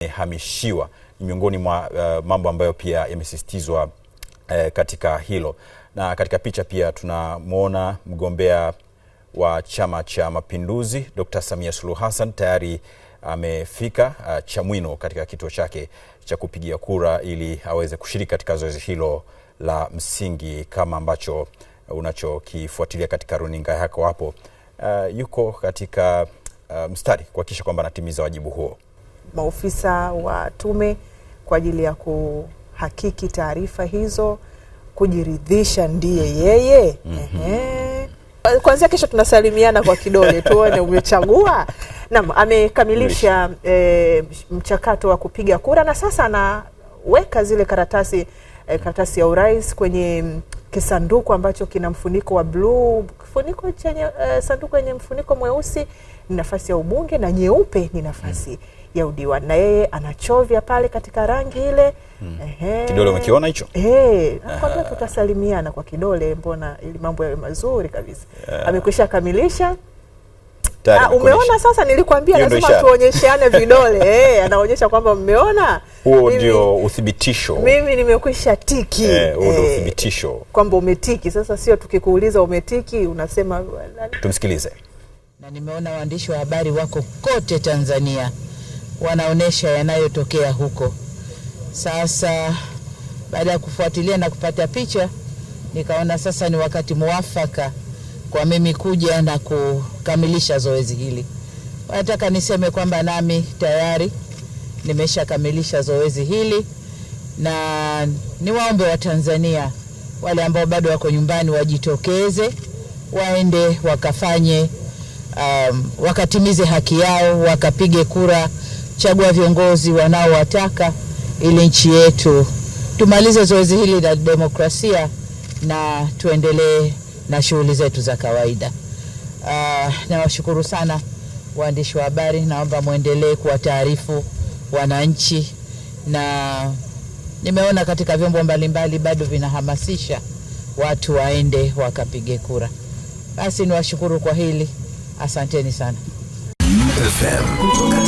ni miongoni mwa uh, mambo ambayo pia yamesisitizwa uh, katika hilo. Na katika picha pia tunamwona mgombea wa Chama cha Mapinduzi Dr. Samia Suluhu Hassan tayari amefika uh, Chamwino katika kituo chake cha kupigia kura ili aweze kushiriki katika zoezi hilo la msingi kama ambacho unachokifuatilia katika runinga yako hapo. Uh, yuko katika uh, mstari kuhakikisha kwamba anatimiza wajibu huo maofisa wa tume kwa ajili ya kuhakiki taarifa hizo, kujiridhisha ndiye yeye. mm -hmm. Kuanzia Kwanzia kesho tunasalimiana kwa kidole tuone umechagua. Naam, amekamilisha e, mchakato wa kupiga kura na sasa anaweka zile karatasi e, karatasi ya urais kwenye kisanduku ambacho kina mfuniko wa bluu, kifuniko chenye uh, sanduku yenye mfuniko mweusi ni nafasi ya ubunge na nyeupe ni nafasi mm. ya udiwani, na yeye anachovya pale katika rangi ile mm. Kidole umekiona hicho? Eh, nakwambia tutasalimiana kwa kidole, mbona ili mambo yawe mazuri kabisa. Yeah. Amekwisha kamilisha ah, Ha, umeona sasa, nilikwambia lazima tuonyesheane vidole eh, anaonyesha kwamba mmeona huo ndio uthibitisho. Mimi nimekwisha tiki eh, huo eh, ndio eh, kwamba umetiki. Sasa sio tukikuuliza umetiki unasema. Tumsikilize. Na nimeona waandishi wa habari wako kote Tanzania wanaonesha yanayotokea huko. Sasa baada ya kufuatilia na kupata picha, nikaona sasa ni wakati muwafaka kwa mimi kuja na kukamilisha zoezi hili. Nataka niseme kwamba nami tayari nimeshakamilisha zoezi hili, na niwaombe Watanzania wale ambao bado wako nyumbani wajitokeze, waende wakafanye um, wakatimize haki yao, wakapige kura, chagua viongozi wanaowataka ili nchi yetu tumalize zoezi hili la demokrasia na tuendelee na shughuli zetu za kawaida. Uh, nawashukuru sana waandishi wa habari, naomba mwendelee kuwa taarifu wananchi, na nimeona katika vyombo mbalimbali bado vinahamasisha watu waende wakapige kura. Basi niwashukuru kwa hili, asanteni sana FM.